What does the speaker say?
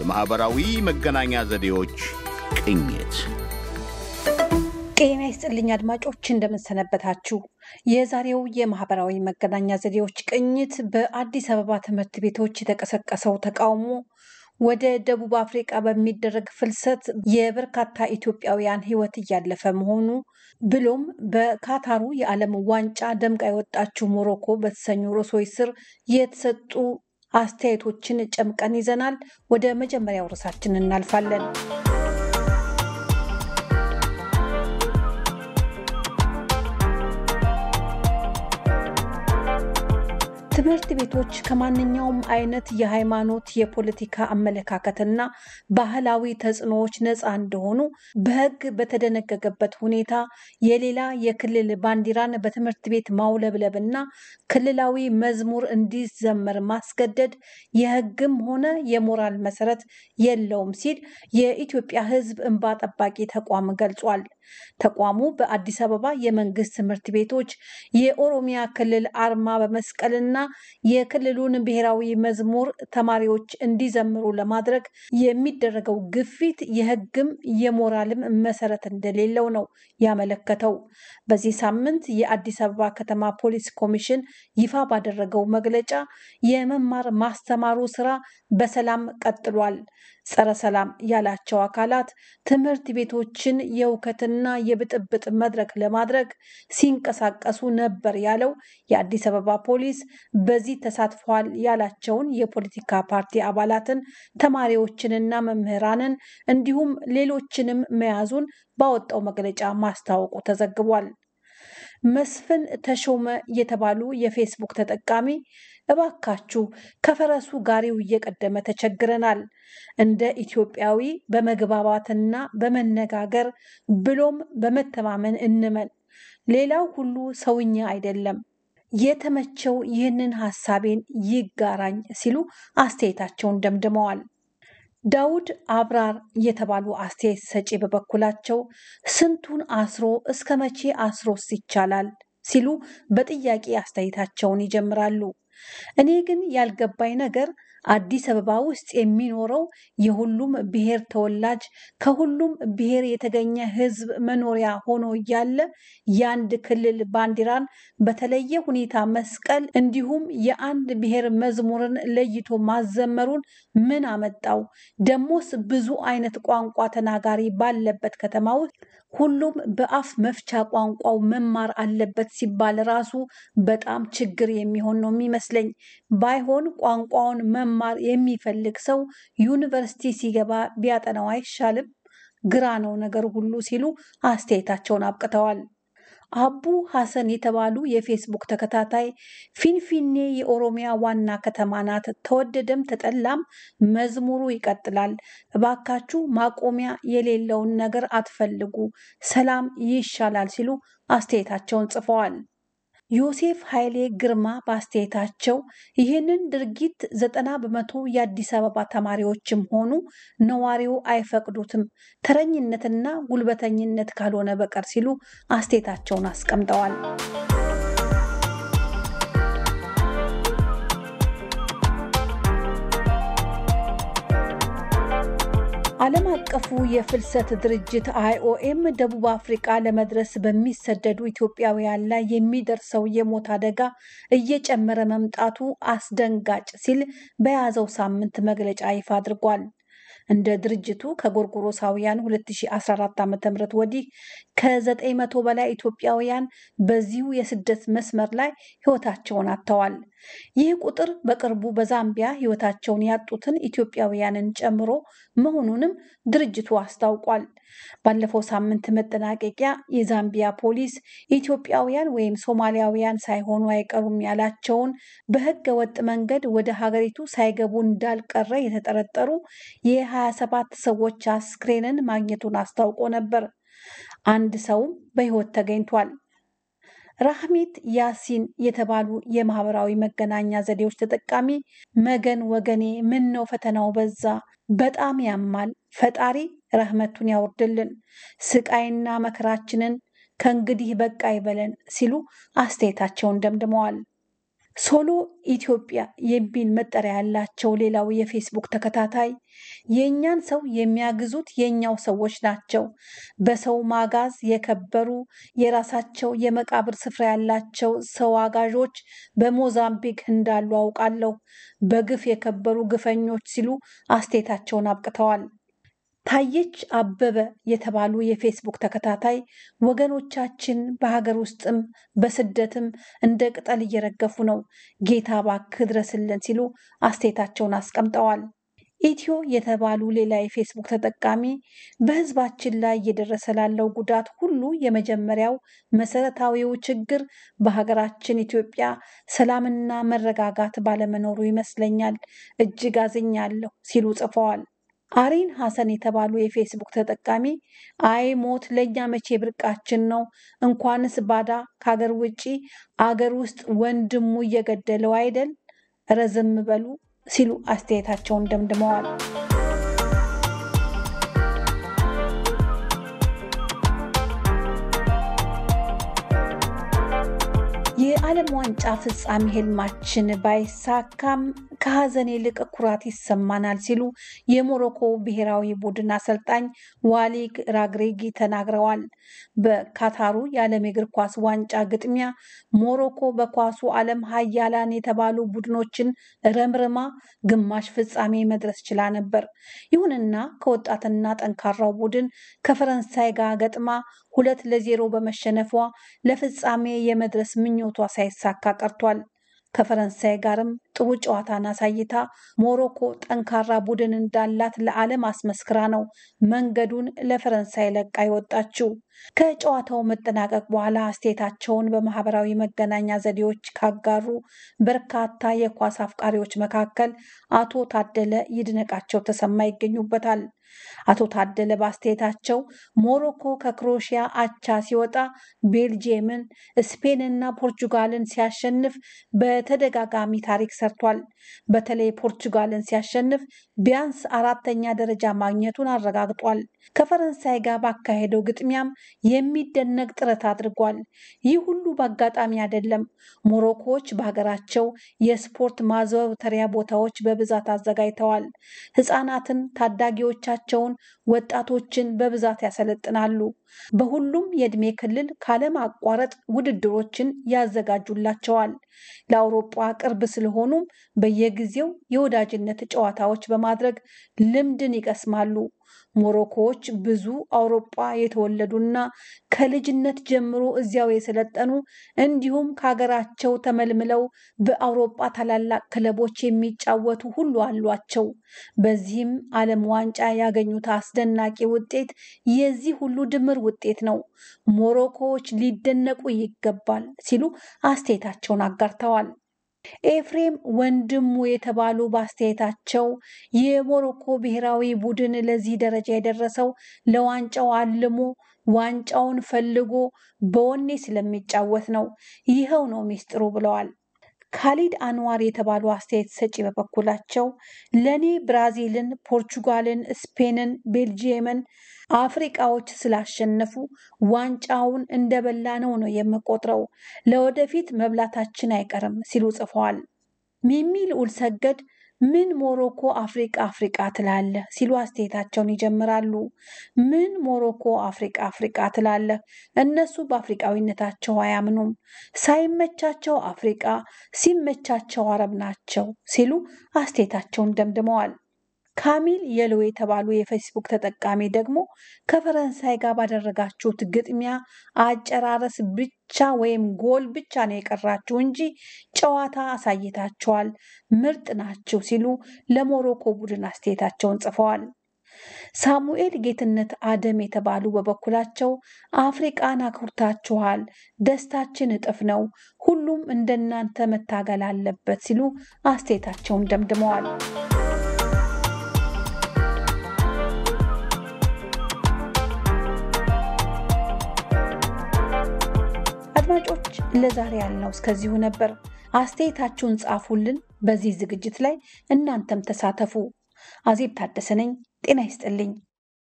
የማኅበራዊ መገናኛ ዘዴዎች ቅኝት። ጤና ይስጥልኝ አድማጮች፣ እንደምንሰነበታችሁ። የዛሬው የማህበራዊ መገናኛ ዘዴዎች ቅኝት በአዲስ አበባ ትምህርት ቤቶች የተቀሰቀሰው ተቃውሞ ወደ ደቡብ አፍሪቃ በሚደረግ ፍልሰት የበርካታ ኢትዮጵያውያን ሕይወት እያለፈ መሆኑ ብሎም በካታሩ የዓለም ዋንጫ ደምቃ የወጣችው ሞሮኮ በተሰኙ ርዕሶች ስር የተሰጡ አስተያየቶችን ጨምቀን ይዘናል። ወደ መጀመሪያው ርዕሳችን እናልፋለን። ትምህርት ቤቶች ከማንኛውም አይነት የሃይማኖት የፖለቲካ አመለካከትና ባህላዊ ተጽዕኖዎች ነፃ እንደሆኑ በሕግ በተደነገገበት ሁኔታ የሌላ የክልል ባንዲራን በትምህርት ቤት ማውለብለብና ክልላዊ መዝሙር እንዲዘመር ማስገደድ የሕግም ሆነ የሞራል መሰረት የለውም ሲል የኢትዮጵያ ሕዝብ እንባ ጠባቂ ተቋም ገልጿል። ተቋሙ በአዲስ አበባ የመንግስት ትምህርት ቤቶች የኦሮሚያ ክልል አርማ በመስቀልና የክልሉን ብሔራዊ መዝሙር ተማሪዎች እንዲዘምሩ ለማድረግ የሚደረገው ግፊት የሕግም የሞራልም መሰረት እንደሌለው ነው ያመለከተው። በዚህ ሳምንት የአዲስ አበባ ከተማ ፖሊስ ኮሚሽን ይፋ ባደረገው መግለጫ የመማር ማስተማሩ ስራ በሰላም ቀጥሏል። ጸረ ሰላም ያላቸው አካላት ትምህርት ቤቶችን የእውከትና የብጥብጥ መድረክ ለማድረግ ሲንቀሳቀሱ ነበር ያለው የአዲስ አበባ ፖሊስ በዚህ ተሳትፏል ያላቸውን የፖለቲካ ፓርቲ አባላትን ተማሪዎችንና መምህራንን እንዲሁም ሌሎችንም መያዙን ባወጣው መግለጫ ማስታወቁ ተዘግቧል። መስፍን ተሾመ የተባሉ የፌስቡክ ተጠቃሚ እባካችሁ ከፈረሱ ጋሪው እየቀደመ ተቸግረናል። እንደ ኢትዮጵያዊ በመግባባትና በመነጋገር ብሎም በመተማመን እንመን። ሌላው ሁሉ ሰውኛ አይደለም። የተመቸው ይህንን ሀሳቤን ይጋራኝ ሲሉ አስተያየታቸውን ደምድመዋል። ዳውድ አብራር የተባሉ አስተያየት ሰጪ በበኩላቸው ስንቱን አስሮ እስከ መቼ አስሮስ ይቻላል ሲሉ በጥያቄ አስተያየታቸውን ይጀምራሉ። እኔ ግን ያልገባኝ ነገር አዲስ አበባ ውስጥ የሚኖረው የሁሉም ብሔር ተወላጅ ከሁሉም ብሔር የተገኘ ሕዝብ መኖሪያ ሆኖ እያለ የአንድ ክልል ባንዲራን በተለየ ሁኔታ መስቀል እንዲሁም የአንድ ብሔር መዝሙርን ለይቶ ማዘመሩን ምን አመጣው? ደሞስ ብዙ አይነት ቋንቋ ተናጋሪ ባለበት ከተማ ውስጥ ሁሉም በአፍ መፍቻ ቋንቋው መማር አለበት ሲባል ራሱ በጣም ችግር የሚሆን ነው የሚመስለኝ። ባይሆን ቋንቋውን መማር የሚፈልግ ሰው ዩኒቨርሲቲ ሲገባ ቢያጠናው አይሻልም? ግራ ነው ነገር ሁሉ ሲሉ አስተያየታቸውን አብቅተዋል። አቡ ሐሰን የተባሉ የፌስቡክ ተከታታይ ፊንፊኔ የኦሮሚያ ዋና ከተማ ናት፣ ተወደደም ተጠላም መዝሙሩ ይቀጥላል። እባካችሁ ማቆሚያ የሌለውን ነገር አትፈልጉ፣ ሰላም ይሻላል ሲሉ አስተያየታቸውን ጽፈዋል። ዮሴፍ ኃይሌ ግርማ በአስተያየታቸው ይህንን ድርጊት ዘጠና በመቶ የአዲስ አበባ ተማሪዎችም ሆኑ ነዋሪው አይፈቅዱትም ተረኝነትና ጉልበተኝነት ካልሆነ በቀር ሲሉ አስተያየታቸውን አስቀምጠዋል። ዓለም አቀፉ የፍልሰት ድርጅት አይኦኤም ደቡብ አፍሪቃ ለመድረስ በሚሰደዱ ኢትዮጵያውያን ላይ የሚደርሰው የሞት አደጋ እየጨመረ መምጣቱ አስደንጋጭ ሲል በያዘው ሳምንት መግለጫ ይፋ አድርጓል። እንደ ድርጅቱ ከጎርጎሮሳውያን 2014 ዓ ም ወዲህ ከ900 በላይ ኢትዮጵያውያን በዚሁ የስደት መስመር ላይ ሕይወታቸውን አጥተዋል። ይህ ቁጥር በቅርቡ በዛምቢያ ሕይወታቸውን ያጡትን ኢትዮጵያውያንን ጨምሮ መሆኑንም ድርጅቱ አስታውቋል። ባለፈው ሳምንት መጠናቀቂያ የዛምቢያ ፖሊስ ኢትዮጵያውያን ወይም ሶማሊያውያን ሳይሆኑ አይቀሩም ያላቸውን በህገ ወጥ መንገድ ወደ ሀገሪቱ ሳይገቡ እንዳልቀረ የተጠረጠሩ የ 27 ሰዎች አስክሬንን ማግኘቱን አስታውቆ ነበር። አንድ ሰውም በሕይወት ተገኝቷል። ራህሚት ያሲን የተባሉ የማህበራዊ መገናኛ ዘዴዎች ተጠቃሚ መገን ወገኔ፣ ምን ነው ፈተናው በዛ፣ በጣም ያማል፣ ፈጣሪ ረህመቱን ያውርድልን፣ ስቃይና መከራችንን ከእንግዲህ በቃ ይበለን ሲሉ አስተያየታቸውን ደምድመዋል። ሶሎ ኢትዮጵያ የሚል መጠሪያ ያላቸው ሌላው የፌስቡክ ተከታታይ የእኛን ሰው የሚያግዙት የእኛው ሰዎች ናቸው። በሰው ማጋዝ የከበሩ የራሳቸው የመቃብር ስፍራ ያላቸው ሰው አጋዦች በሞዛምቢክ እንዳሉ አውቃለሁ። በግፍ የከበሩ ግፈኞች ሲሉ አስቴታቸውን አብቅተዋል። ታየች አበበ የተባሉ የፌስቡክ ተከታታይ ወገኖቻችን በሀገር ውስጥም በስደትም እንደ ቅጠል እየረገፉ ነው፣ ጌታ እባክህ ድረስልን ሲሉ አስተያየታቸውን አስቀምጠዋል። ኢትዮ የተባሉ ሌላ የፌስቡክ ተጠቃሚ በህዝባችን ላይ እየደረሰ ላለው ጉዳት ሁሉ የመጀመሪያው መሰረታዊው ችግር በሀገራችን ኢትዮጵያ ሰላምና መረጋጋት ባለመኖሩ ይመስለኛል፣ እጅግ አዝኛለሁ ሲሉ ጽፈዋል። አሪን ሐሰን የተባሉ የፌስቡክ ተጠቃሚ አይ ሞት ለእኛ መቼ ብርቃችን ነው፣ እንኳንስ ባዳ ከሀገር ውጪ አገር ውስጥ ወንድሙ እየገደለው አይደል፣ ረዘም በሉ ሲሉ አስተያየታቸውን ደምድመዋል። የዓለም ዋንጫ ፍጻሜ ህልማችን ባይሳካም ከሀዘን ይልቅ ኩራት ይሰማናል ሲሉ የሞሮኮ ብሔራዊ ቡድን አሰልጣኝ ዋሊግ ራግሬጊ ተናግረዋል። በካታሩ የዓለም የእግር ኳስ ዋንጫ ግጥሚያ ሞሮኮ በኳሱ ዓለም ሀያላን የተባሉ ቡድኖችን ረምርማ ግማሽ ፍጻሜ መድረስ ችላ ነበር። ይሁንና ከወጣትና ጠንካራው ቡድን ከፈረንሳይ ጋር ገጥማ ሁለት ለዜሮ በመሸነፏ ለፍጻሜ የመድረስ ምኞቷ ሳይሳካ ቀርቷል። ከፈረንሳይ ጋርም ጥሩ ጨዋታን አሳይታ ሞሮኮ ጠንካራ ቡድን እንዳላት ለዓለም አስመስክራ ነው መንገዱን ለፈረንሳይ ለቃ የወጣችው። ከጨዋታው መጠናቀቅ በኋላ አስተያየታቸውን በማህበራዊ መገናኛ ዘዴዎች ካጋሩ በርካታ የኳስ አፍቃሪዎች መካከል አቶ ታደለ ይድነቃቸው ተሰማ ይገኙበታል። አቶ ታደለ ባስተያየታቸው ሞሮኮ ከክሮሺያ አቻ ሲወጣ ቤልጅየምን፣ ስፔንና ፖርቹጋልን ሲያሸንፍ በተደጋጋሚ ታሪክ ሰርቷል። በተለይ ፖርቹጋልን ሲያሸንፍ ቢያንስ አራተኛ ደረጃ ማግኘቱን አረጋግጧል። ከፈረንሳይ ጋር ባካሄደው ግጥሚያም የሚደነቅ ጥረት አድርጓል። ይህ ሁሉ በአጋጣሚ አይደለም። ሞሮኮዎች በሀገራቸው የስፖርት ማዘወተሪያ ቦታዎች በብዛት አዘጋጅተዋል። ህፃናትን ታዳጊዎቻቸው ያላቸውን ወጣቶችን በብዛት ያሰለጥናሉ። በሁሉም የዕድሜ ክልል ካለማቋረጥ ውድድሮችን ያዘጋጁላቸዋል። ለአውሮፓ ቅርብ ስለሆኑም በየጊዜው የወዳጅነት ጨዋታዎች በማድረግ ልምድን ይቀስማሉ። ሞሮኮዎች ብዙ አውሮፓ የተወለዱና ከልጅነት ጀምሮ እዚያው የሰለጠኑ እንዲሁም ከሀገራቸው ተመልምለው በአውሮፓ ታላላቅ ክለቦች የሚጫወቱ ሁሉ አሏቸው። በዚህም ዓለም ዋንጫ ያገኙት አስደናቂ ውጤት የዚህ ሁሉ ድምር ውጤት ነው። ሞሮኮዎች ሊደነቁ ይገባል ሲሉ አስተያየታቸውን አጋርተዋል። ኤፍሬም ወንድሙ የተባሉ በአስተያየታቸው የሞሮኮ ብሔራዊ ቡድን ለዚህ ደረጃ የደረሰው ለዋንጫው አልሞ ዋንጫውን ፈልጎ በወኔ ስለሚጫወት ነው፣ ይኸው ነው ሚስጥሩ ብለዋል። ካሊድ አንዋር የተባሉ አስተያየት ሰጪ በበኩላቸው ለእኔ ብራዚልን፣ ፖርቹጋልን፣ ስፔንን፣ ቤልጂየምን አፍሪቃዎች ስላሸነፉ ዋንጫውን እንደበላ ነው ነው የምቆጥረው ለወደፊት መብላታችን አይቀርም ሲሉ ጽፈዋል። ሚሚ ልዑል ሰገድ ምን ሞሮኮ አፍሪቃ አፍሪቃ ትላለህ ሲሉ አስተያየታቸውን ይጀምራሉ። ምን ሞሮኮ አፍሪቃ አፍሪቃ ትላለህ? እነሱ በአፍሪቃዊነታቸው አያምኑም። ሳይመቻቸው አፍሪቃ፣ ሲመቻቸው አረብ ናቸው ሲሉ አስተያየታቸውን ደምድመዋል። ካሚል የሎ የተባሉ የፌስቡክ ተጠቃሚ ደግሞ ከፈረንሳይ ጋር ባደረጋችሁት ግጥሚያ አጨራረስ ብቻ ወይም ጎል ብቻ ነው የቀራችሁ እንጂ ጨዋታ አሳይታችኋል፣ ምርጥ ናችሁ ሲሉ ለሞሮኮ ቡድን አስተያየታቸውን ጽፈዋል። ሳሙኤል ጌትነት አደም የተባሉ በበኩላቸው አፍሪቃን አኩርታችኋል፣ ደስታችን እጥፍ ነው፣ ሁሉም እንደናንተ መታገል አለበት ሲሉ አስተያየታቸውን ደምድመዋል። ለዛሬ ያልነው እስከዚሁ ነበር። አስተያየታችሁን ጻፉልን። በዚህ ዝግጅት ላይ እናንተም ተሳተፉ። አዜብ ታደሰ ነኝ። ጤና ይስጥልኝ።